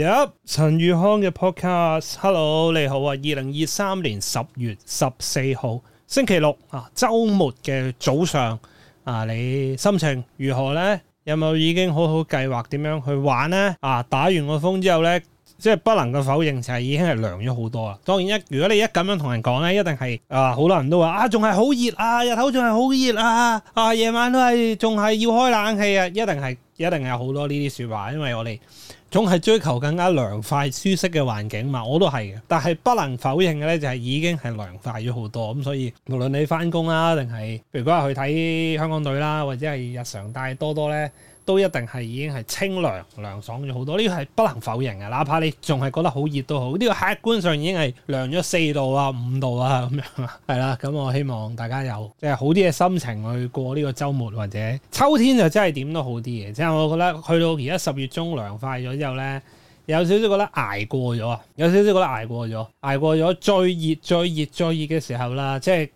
呀，陳宇康嘅 podcast，Hello，你好啊！二零二三年十月十四號星期六啊，周末嘅早上啊，你心情如何呢？有冇已經好好計劃點樣去玩呢？啊，打完個風之後呢，即係不能夠否認，就係已經係涼咗好多啦。當然一如果你一咁樣同人講呢，一定係啊，好多人都話啊，仲係好熱啊，日頭仲係好熱啊，啊，夜晚都係仲係要開冷氣啊，一定係。一定有好多呢啲說話，因為我哋總係追求更加涼快舒適嘅環境嘛，我都係嘅。但係不能否認嘅咧，就係已經係涼快咗好多咁，所以無論你翻工啦，定係譬如話去睇香港隊啦，或者係日常帶多多咧。都一定係已經係清涼涼爽咗好多，呢個係不能否認嘅。哪怕你仲係覺得好熱都好，呢、呢個客觀上已經係涼咗四度啊、五度啊咁樣。係 啦，咁我希望大家有即係好啲嘅心情去過呢個週末，或者秋天就真係點都好啲嘅。即、就、係、係、我覺得去到而家十月中涼快咗之後咧，有少少覺得捱過咗啊，有少少覺得捱過咗，捱過咗最熱、最熱、最熱嘅時候啦。即係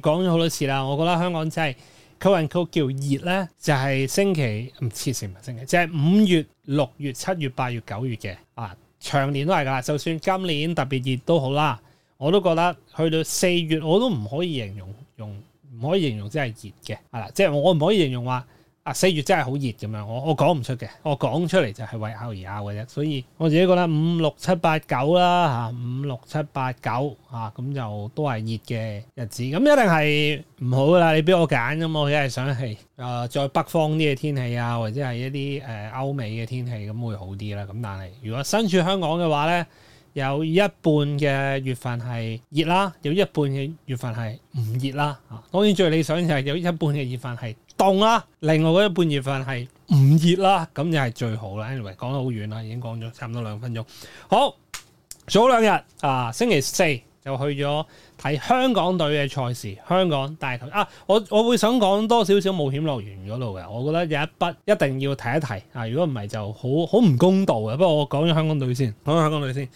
講咗好多次啦，我覺得香港真係。佢話叫熱咧，就係、是、星期唔黐線唔係星期，就係、是、五月、六月、七月、八月、九月嘅啊，長年都係㗎啦。就算今年特別熱都好啦，我都覺得去到四月我都唔可以形容用唔可以形容真係熱嘅，係、啊、啦，即、就、係、是、我唔可以形容話。啊四月真係好熱咁樣，我我講唔出嘅，我講出嚟就係為拗而拗嘅啫。所以我自己覺得五六七八九啦吓，五六七八九吓咁就都係熱嘅日子。咁、啊、一定係唔好啦。你俾我揀咁，我一係想係誒、哎呃、在北方啲嘅天氣啊，或者係一啲誒、呃、歐美嘅天氣咁會好啲啦。咁但係如果身處香港嘅話咧，有一半嘅月份係熱啦，有一半嘅月份係唔熱啦、啊。當然最理想就係有一半嘅月份係。凍啦，另外嗰啲半月份係唔熱啦，咁就係最好啦。Anyway，講得好遠啦，已經講咗差唔多兩分鐘。好，早兩日啊，星期四就去咗睇香港隊嘅賽事，香港大球啊，我我會想講多少少冒險樂園嗰度嘅，我覺得有一筆一定要提一提啊，如果唔係就好好唔公道嘅。不過我講咗香港隊先，講咗香港隊先，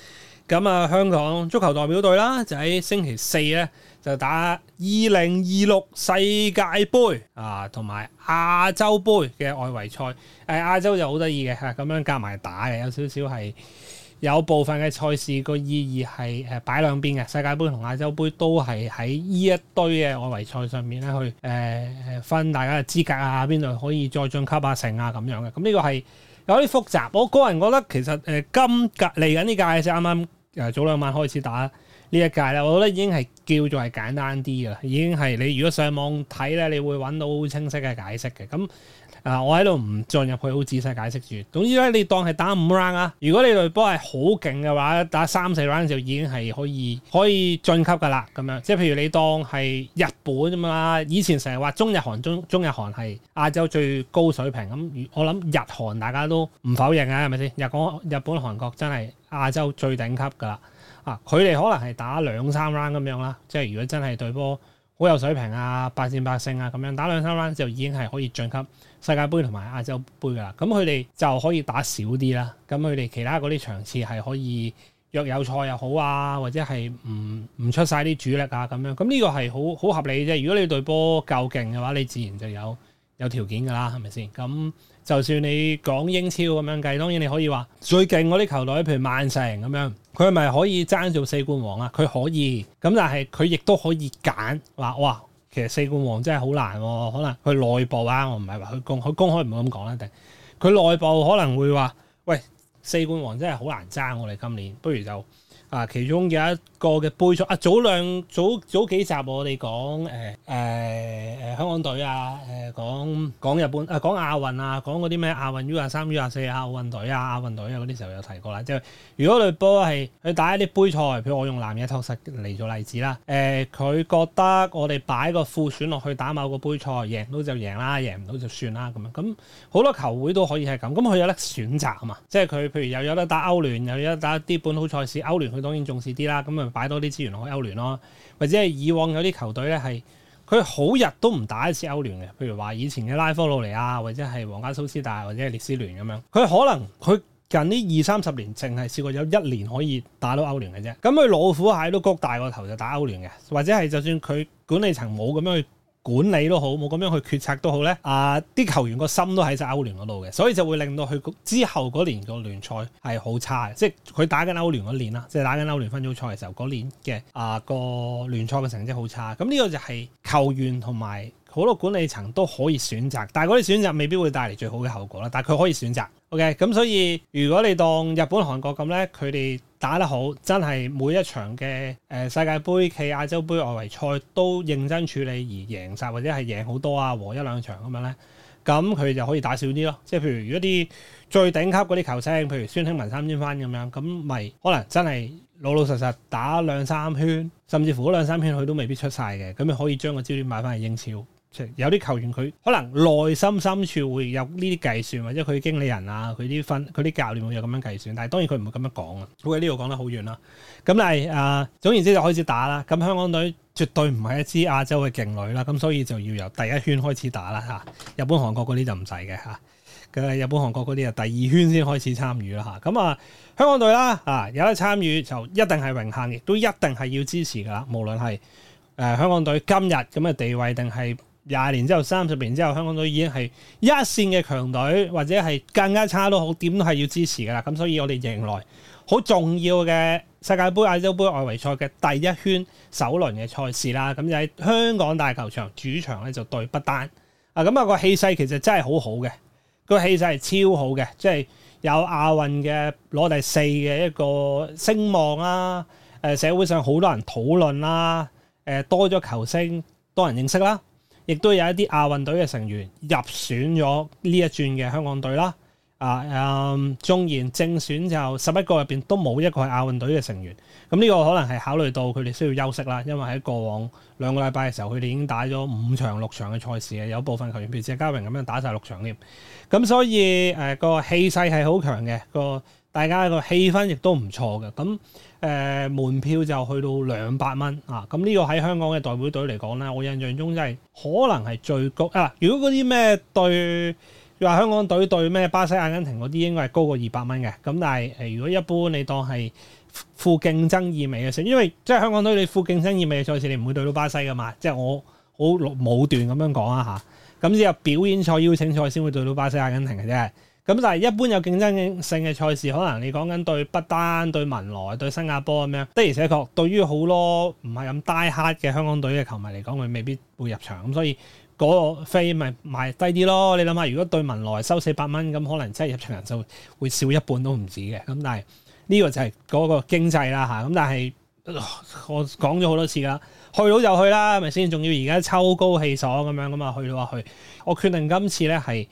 咁啊，香港足球代表隊啦，就喺星期四咧。就打二零二六世界盃啊，同埋亞洲盃嘅外圍賽。誒、呃，亞洲就好得意嘅，咁、啊、樣加埋打嘅，有少少係有部分嘅賽事個意義係誒擺兩邊嘅。世界盃同亞洲盃都係喺呢一堆嘅外圍賽上面咧去誒分大家嘅資格啊，邊度可以再晉級啊，成啊咁、啊、樣嘅。咁、啊、呢、嗯這個係有啲複雜。我個人覺得其實誒、啊、今屆嚟緊呢屆先啱啱誒早兩晚開始打。呢一屆啦，我覺得已經係叫做係簡單啲噶，已經係你如果上網睇咧，你會揾到好清晰嘅解釋嘅。咁啊、呃，我喺度唔進入去好仔細解釋住。總之咧，你當係打五 round 啊。如果你隊波係好勁嘅話，打三四 round 就已經係可以可以晉級噶啦。咁樣即係譬如你當係日本吖嘛，以前成日話中日韓中中日韓係亞洲最高水平咁。我諗日韓大家都唔否認啊，係咪先？日本日本韓國真係亞洲最頂級噶啦。啊！佢哋可能係打兩三 round 咁樣啦，即係如果真係隊波好有水平啊，百戰百勝啊咁樣，打兩三 round 就已經係可以晉級世界盃同埋亞洲盃㗎啦。咁佢哋就可以打少啲啦。咁佢哋其他嗰啲場次係可以，若有賽又好啊，或者係唔唔出晒啲主力啊咁樣。咁、嗯、呢、這個係好好合理啫。如果你隊波夠勁嘅話，你自然就有有條件㗎啦，係咪先？咁、嗯。就算你講英超咁樣計，當然你可以話最近嗰啲球隊，譬如曼城咁樣，佢係咪可以爭做四冠王啊？佢可以，咁但係佢亦都可以揀話哇，其實四冠王真係好難喎，哦，可能佢內部啊，我唔係話佢公，佢公開唔會咁講啦，定佢內部可能會話，喂，四冠王真係好難爭，我哋今年不如就。啊，其中有一個嘅杯賽啊，早兩早早幾集我哋講誒誒誒香港隊啊，誒講講日本啊，講亞運啊，講嗰啲咩亞運 U 廿三、U 廿四啊，奧運隊啊、亞運隊啊嗰啲時候有提過啦。即係如果隊波係佢打一啲杯賽，譬如我用南野拓實嚟做例子啦，誒佢覺得我哋擺個副選落去打某個杯賽，贏到就贏啦，贏唔到就算啦咁樣。咁好多球會都可以係咁，咁佢有得選擇啊嘛，即係佢譬如又有得打歐聯，又有得打一啲本土賽事，歐聯佢，當然重視啲啦，咁咪擺多啲資源落去歐聯咯，或者係以往有啲球隊咧係佢好日都唔打一次歐聯嘅，譬如話以前嘅拉科魯尼亞或者係皇家蘇斯大或者係列斯聯咁樣，佢可能佢近呢二三十年淨係試過有一年可以打到歐聯嘅啫，咁佢老虎蟹都谷大個頭就打歐聯嘅，或者係就算佢管理層冇咁樣去。管理都好，冇咁樣去決策都好咧。啊、呃，啲球員個心都喺曬歐聯嗰度嘅，所以就會令到佢之後嗰年個聯賽係好差嘅。即係佢打緊歐聯嗰年啦，即係打緊歐聯分組賽嘅時候，嗰年嘅啊個聯賽嘅成績好差。咁呢個就係球員同埋好多管理層都可以選擇，但係嗰啲選擇未必會帶嚟最好嘅後果啦。但係佢可以選擇。OK，咁所以如果你當日本、韓國咁咧，佢哋打得好，真係每一場嘅誒世界盃、暨亞洲盃外圍賽都認真處理而贏晒，或者係贏好多啊，和一兩場咁樣咧，咁佢就可以打少啲咯。即係譬如如果啲最頂級嗰啲球星，譬如孫興文三點翻咁樣，咁咪可能真係老老實實打兩三圈，甚至乎嗰兩三圈佢都未必出晒嘅，咁你可以將個焦點買翻去英超。有啲球員佢可能內心深處會有呢啲計算，或者佢嘅經理人啊，佢啲分，佢啲教練會有咁樣計算。但係當然佢唔會咁樣講啊。我喺呢度講得好遠啦。咁但係啊，總言之就開始打啦。咁香港隊絕對唔係一支亞洲嘅勁旅啦。咁所以就要由第一圈開始打啦嚇、啊。日本、韓國嗰啲就唔使嘅嚇。日本、韓國嗰啲啊，第二圈先開始參與啦嚇。咁啊，啊，香港隊啦啊，有得參與就一定係榮幸，亦都一定係要支持噶啦。無論係誒、呃、香港隊今日咁嘅地位，定係。廿年之後，三十年之後，香港隊已經係一線嘅強隊，或者係更加差都好，點都係要支持噶啦。咁所以，我哋迎來好重要嘅世界盃亞洲盃外圍賽嘅第一圈首輪嘅賽事啦。咁就喺香港大球場主場咧，就對不丹。啊，咁啊個氣勢其實真係好好嘅，個氣勢係超好嘅，即係有亞運嘅攞第四嘅一個聲望啦。誒，社會上好多人討論啦，誒，多咗球星，多人認識啦。亦都有一啲亞運隊嘅成員入選咗呢一轉嘅香港隊啦，啊，嗯，縱然正選就十一個入邊都冇一個係亞運隊嘅成員，咁、嗯、呢、這個可能係考慮到佢哋需要休息啦，因為喺過往兩個禮拜嘅時候，佢哋已經打咗五場六場嘅賽事嘅，有部分球員譬如謝家榮咁樣打晒六場添，咁、嗯、所以誒、呃、個氣勢係好強嘅個。大家個氣氛亦都唔錯嘅，咁誒門票就去到兩百蚊啊！咁呢個喺香港嘅代表隊嚟講咧，我印象中真係可能係最高啊！如果嗰啲咩對，你話香港隊對咩巴西、阿根廷嗰啲，應該係高過二百蚊嘅。咁但係誒，如果一般你當係富競爭意味嘅賽，因為即係香港隊你富競爭意味嘅賽事，你唔會對到巴西噶嘛。即係我好武斷咁樣講啊嚇！咁只有表演賽、邀請賽先會對到巴西、阿根廷嘅啫。咁但係一般有競爭性嘅賽事，可能你講緊對不丹、對文萊、對新加坡咁樣，的而且確對於好多唔係咁大黑嘅香港隊嘅球迷嚟講，佢未必會入場，咁所以嗰個飛咪賣低啲咯。你諗下，如果對文萊收四百蚊，咁可能真係入場人就會少一半都唔止嘅。咁但係呢個就係嗰個經濟啦嚇。咁但係，呃，我講咗好多次啦，去到就去啦，係咪先？仲要而家秋高氣爽咁樣咁嘛，去到啊去。我決定今次咧係。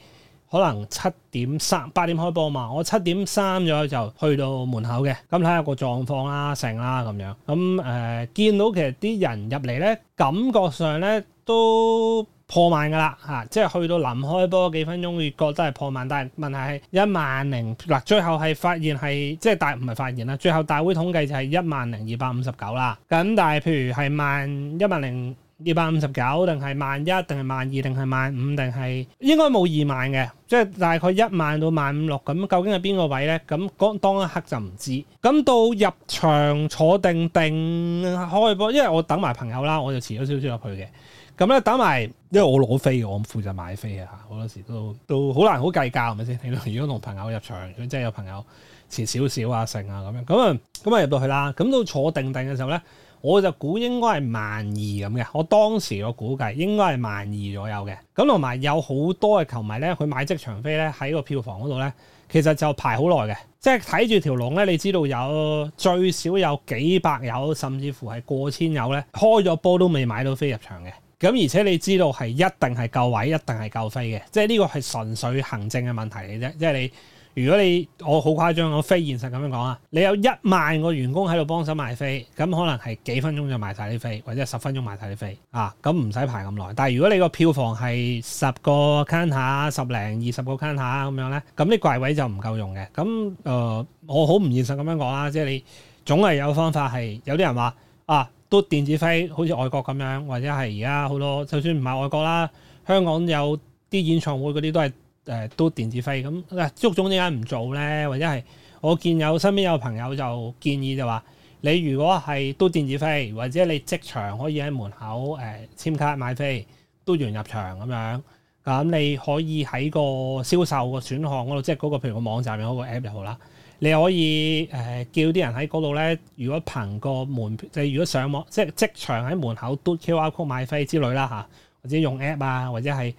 可能七點三八點開波嘛，我七點三左右就去到門口嘅，咁睇下個狀況啦、啊、成啦咁樣。咁、嗯、誒、呃、見到其實啲人入嚟咧，感覺上咧都破萬噶啦嚇，即係去到臨開波幾分鐘，越覺得係破萬。但問題係一萬零嗱，最後係發現係即係大唔係發現啦，最後大會統計就係一萬零二百五十九啦。咁但係譬如係萬一萬零，二百五十九，定係萬一，定係萬二，定係萬五，定係應該冇二萬嘅，即係大概一萬到萬五六咁。究竟係邊個位咧？咁嗰當一刻就唔知。咁到入場坐定定開波，因為我等埋朋友啦，我就遲咗少少入去嘅。咁咧等埋，嗯、因為我攞飛，我唔負責買飛嘅嚇。好多時都都好難好計較，係咪先？ 如果同朋友入場，即真係有朋友遲少少啊、成啊咁樣咁啊，咁啊入到去啦。咁到坐定定嘅時候咧。我就估應該係萬二咁嘅，我當時我估計應該係萬二左右嘅。咁同埋有好多嘅球迷咧，佢買即場飛咧喺個票房嗰度咧，其實就排好耐嘅。即係睇住條龍咧，你知道有最少有幾百友，甚至乎係過千友咧，開咗波都未買到飛入場嘅。咁而且你知道係一定係夠位，一定係夠飛嘅。即係呢個係純粹行政嘅問題嚟啫，即係你。如果你我好誇張，我非現實咁樣講啊！你有一萬個員工喺度幫手賣飛，咁可能係幾分鐘就賣晒啲飛，或者十分鐘賣晒啲飛啊！咁唔使排咁耐。但係如果你個票房係十個 counter 十零二十個 counter 咁樣咧，咁啲櫃位就唔夠用嘅。咁誒、呃，我好唔現實咁樣講啦，即係你總係有方法係。有啲人話啊，都電子飛，好似外國咁樣，或者係而家好多，就算唔係外國啦，香港有啲演唱會嗰啲都係。誒、呃、都電子飛咁，嗱，足總點解唔做咧？或者係我見有身邊有朋友就建議就話，你如果係都電子飛，或者你即場可以喺門口誒簽、呃、卡買飛，都完入場咁樣。咁你可以喺個銷售個選項嗰度，即係嗰個譬如個網站又好，個 app 又好啦。你可以誒、呃、叫啲人喺嗰度咧，如果憑個門，即、就、係、是、如果上網，即係即場喺門口都 QR code 買飛之類啦嚇、啊，或者用 app 啊，或者係。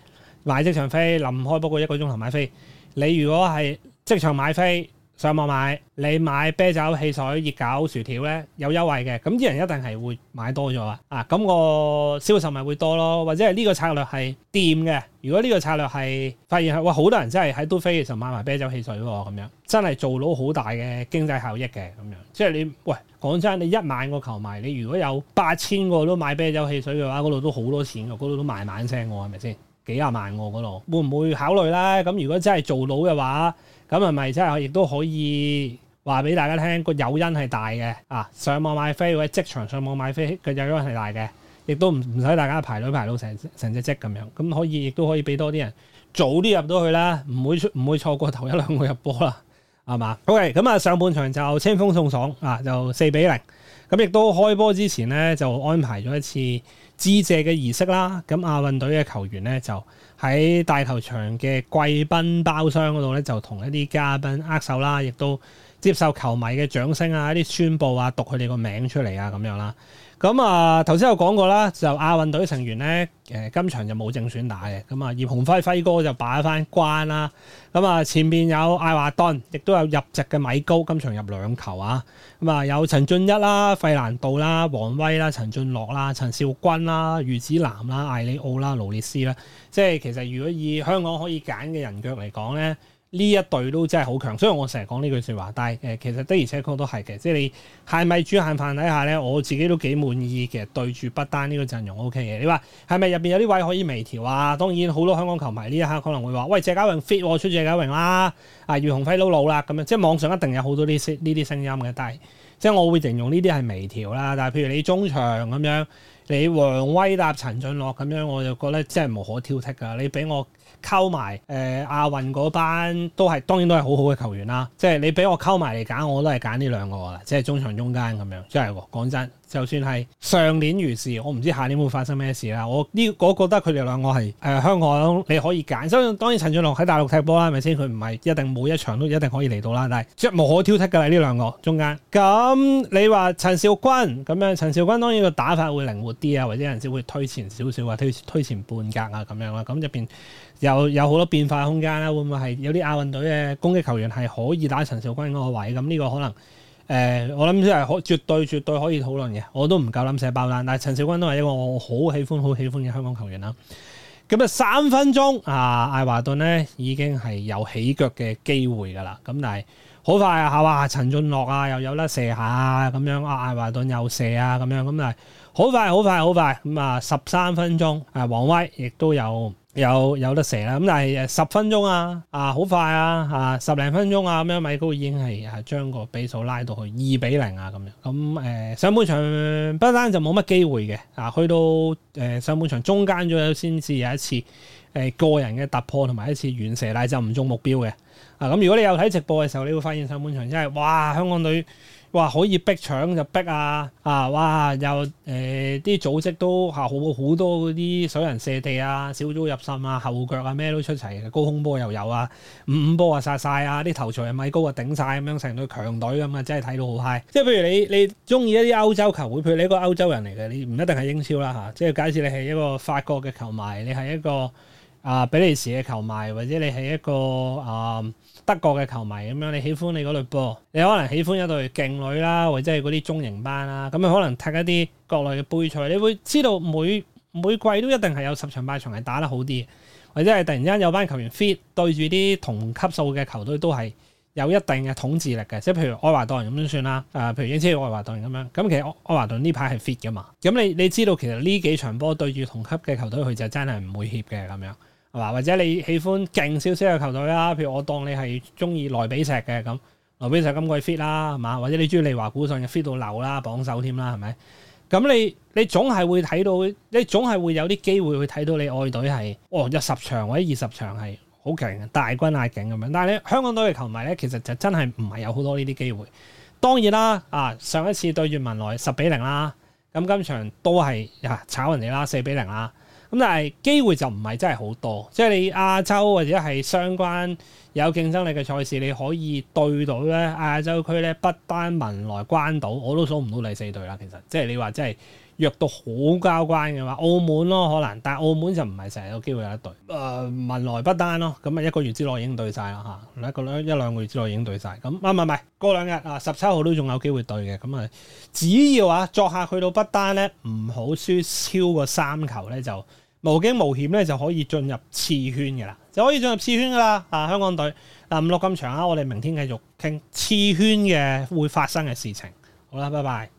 買即場飛臨開，不過一個鐘頭買飛。你如果係即場買飛，上網買，你買啤酒、汽水、熱狗、薯條咧有優惠嘅，咁啲人一定係會買多咗啊！啊，咁個銷售咪會多咯，或者係呢個策略係掂嘅。如果呢個策略係發現係哇，好多人真係喺都飛嘅時候買埋啤酒、汽水喎，咁樣真係做到好大嘅經濟效益嘅咁樣。即係你喂講真，你一萬個球迷，你如果有八千個都買啤酒、汽水嘅話，嗰度都好多錢，嗰度都賣埋聲喎，係咪先？幾十萬喎嗰度，會唔會考慮咧？咁如果真係做到嘅話，咁係咪真係亦都可以話俾大家聽個誘因係大嘅啊？上網買飛或者職場上網買飛個誘因係大嘅，亦都唔唔使大家排隊排到成成隻積咁樣，咁可以亦都可以俾多啲人早啲入到去啦，唔會唔會錯過頭一兩個入波啦，係嘛？OK，咁啊上半場就清風送爽啊，就四比零。咁亦都開波之前咧，就安排咗一次。致謝嘅儀式啦，咁亞運隊嘅球員呢，就喺大球場嘅貴賓包廂嗰度呢，就同一啲嘉賓握手啦，亦都接受球迷嘅掌聲啊，一啲宣佈啊，讀佢哋個名出嚟啊，咁樣啦。咁啊，頭先有講過啦，就亞運隊成員咧，誒今場就冇正選打嘅，咁啊葉鴻輝輝哥就擺翻關啦，咁啊前面有艾華頓，亦都有入籍嘅米高，今場入兩球啊，咁啊有陳俊一啦、費蘭道啦、王威啦、陳俊樂啦、陳少君啦、余子楠啦、艾里奧啦、勞列斯啦，即係其實如果以香港可以揀嘅人腳嚟講咧。呢一隊都真係好強，所以我成日講呢句説話。但係誒，其實的而且確都係嘅，即係你係咪主限範底下咧？我自己都幾滿意嘅。對住不丹呢個陣容 O K 嘅。你話係咪入邊有啲位可以微調啊？當然好多香港球迷呢一刻可能會話：喂，謝家榮 fit，我出謝家榮啦，阿葉鴻輝都老啦咁樣。即係網上一定有好多呢呢啲聲音嘅。但係即係我會形容呢啲係微調啦。但係譬如你中場咁樣。你王威搭陳俊樂咁樣，我就覺得真係無可挑剔噶。你俾我溝埋誒亞運嗰班都，都係當然都係好好嘅球員啦。即係你俾我溝埋嚟揀，我都係揀呢兩個啦。即係中場中間咁樣，即係講真。就算係上年如是，我唔知下年會發生咩事啦。我呢，我覺得佢哋兩個係誒、呃、香港你可以揀，所以當然陳俊龍喺大陸踢波啦，係咪先？佢唔係一定每一場都一定可以嚟到啦。但係絕無可挑剔㗎啦，呢兩個中間。咁、嗯、你話陳少君咁樣，陳少君當然佢打法會靈活啲啊，或者有陣時會推前少少，話推推前半格啊咁樣啦。咁入邊又有好多變化空間啦。會唔會係有啲亞運隊嘅攻擊球員係可以打陳少君嗰個位？咁呢、這個可能。誒、呃，我諗即係可絕對絕對可以討論嘅，我都唔夠諗射爆單。但係陳肇鈞都係一個我好喜歡好喜歡嘅香港球員啦。咁啊，三分鐘啊，艾華頓呢已經係有起腳嘅機會噶啦。咁但係好快嚇、啊、哇、啊，陳俊樂啊又有得射下咁樣啊，艾華頓又射啊咁樣咁但啊，好快好快好快咁啊，十三分鐘啊，黃威亦都有。有有得射啦，咁但係誒十分鐘啊，啊好快啊，嚇、啊、十零分鐘啊，咁樣米高已經係係將個比數拉到去二比零啊，咁樣咁誒、嗯嗯、上半場不單就冇乜機會嘅，啊去到誒、呃、上半場中間左右先至有一次誒、呃、個人嘅突破同埋一次遠射，但係就唔中目標嘅，啊咁如果你有睇直播嘅時候，你會發現上半場真係哇香港隊。哇！可以逼搶就逼啊！啊！哇！又誒啲、呃、組織都嚇好好多啲水人射地啊、小組入滲啊、後腳啊咩都出齊，高空波又有啊，五五波啊殺晒啊，啲頭槌又米高又頂啊頂晒，咁樣，成對強隊成隊強隊咁啊，真係睇到好嗨！即係譬如你你中意一啲歐洲球會，譬如你一個歐洲人嚟嘅，你唔一定係英超啦嚇、啊，即係假設你係一個法國嘅球迷，你係一個。啊，比利時嘅球迷，或者你係一個啊德國嘅球迷咁樣，你喜歡你嗰隊波，你可能喜歡一隊勁旅啦，或者係嗰啲中型班啦，咁啊可能踢一啲國內嘅杯賽，你會知道每每季都一定係有十場八場係打得好啲，或者係突然之間有班球員 fit 對住啲同級數嘅球隊都係有一定嘅統治力嘅，即係譬如愛華頓咁樣算啦，誒、啊，譬如英超愛華頓咁樣，咁其實愛愛華頓呢排係 fit 㗎嘛，咁你你知道其實呢幾場波對住同級嘅球隊，佢就真係唔會怯嘅咁樣。或者你喜歡勁少少嘅球隊啦，譬如我當你係中意萊比錫嘅咁，萊比錫今季 fit 啦，係嘛？或者你中意利華古遜又 fit 到流啦，榜首添啦，係咪？咁你你總係會睇到，你總係會有啲機會去睇到你愛隊係，哦，有十場或者二十場係好強，大軍壓境咁樣。但係你香港隊嘅球迷咧，其實就真係唔係有好多呢啲機會。當然啦，啊，上一次對住文萊十比零啦，咁今場都係、啊、炒人哋啦，四比零啦。咁但係機會就唔係真係好多，即係你亞洲或者係相關有競爭力嘅賽事，你可以對到咧亞洲區咧，不丹、文萊、關島，我都數唔到第四隊啦。其實即係你話真係約到好交關嘅話，澳門咯可能，但係澳門就唔係成日有機會有一對。誒、呃、文萊不丹咯，咁啊一個月之內已經對晒啦嚇，一個兩一兩個月之內已經對晒。咁啊唔係，過、嗰個、兩啊日啊十七號都仲有機會對嘅。咁啊只要啊作客去到丹呢不丹咧，唔好輸超過三球咧就，無驚無險咧就可以進入次圈嘅啦，就可以進入次圈噶啦啊！香港隊啊，錄咁長啦，我哋明天繼續傾次圈嘅會發生嘅事情。好啦，拜拜。